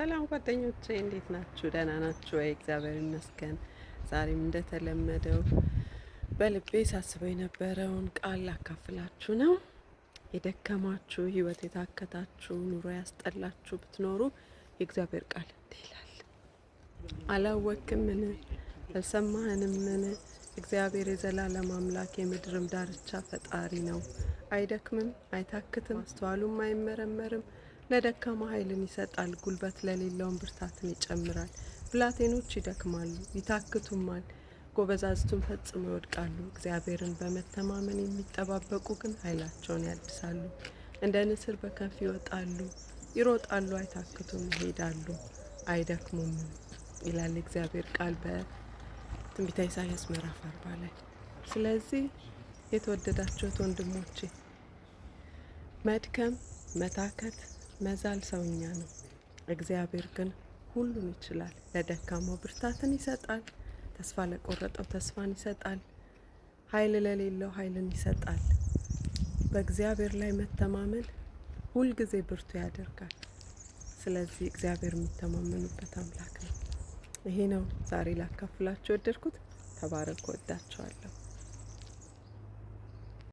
ሰላም ጓደኞቼ እንዴት ናችሁ? ደህና ናችሁ ወይ? እግዚአብሔር ይመስገን። ዛሬም እንደተለመደው በልቤ ሳስበው የነበረውን ቃል ላካፍላችሁ ነው። የደከማችሁ፣ ህይወት የታከታችሁ፣ ኑሮ ያስጠላችሁ ብትኖሩ የእግዚአብሔር ቃል እንዲህ ይላል፣ ምን አልሰማህንም? ምን እግዚአብሔር የዘላለም አምላክ የምድርም ዳርቻ ፈጣሪ ነው። አይደክምም፣ አይታክትም፣ አስተዋሉም አይመረመርም ለደካማ ኃይልን ይሰጣል፣ ጉልበት ለሌለውን ብርታትን ይጨምራል። ብላቴኖች ይደክማሉ ይታክቱማል፣ ጎበዛዝቱን ፈጽሞ ይወድቃሉ። እግዚአብሔርን በመተማመን የሚጠባበቁ ግን ኃይላቸውን ያድሳሉ፣ እንደ ንስር በከፍ ይወጣሉ፣ ይሮጣሉ፣ አይታክቱም፣ ይሄዳሉ፣ አይደክሙም ይላል እግዚአብሔር ቃል በትንቢተ ኢሳያስ ምዕራፍ አርባ ላይ። ስለዚህ የተወደዳችሁት ወንድሞቼ መድከም መታከት መዛል ሰውኛ ነው። እግዚአብሔር ግን ሁሉን ይችላል። ለደካማው ብርታትን ይሰጣል። ተስፋ ለቆረጠው ተስፋን ይሰጣል። ኃይል ለሌለው ኃይልን ይሰጣል። በእግዚአብሔር ላይ መተማመን ሁልጊዜ ብርቱ ያደርጋል። ስለዚህ እግዚአብሔር የሚተማመኑበት አምላክ ነው። ይሄ ነው ዛሬ ላካፍላችሁ ወደድኩት። ተባረክ። ወዳችኋለሁ።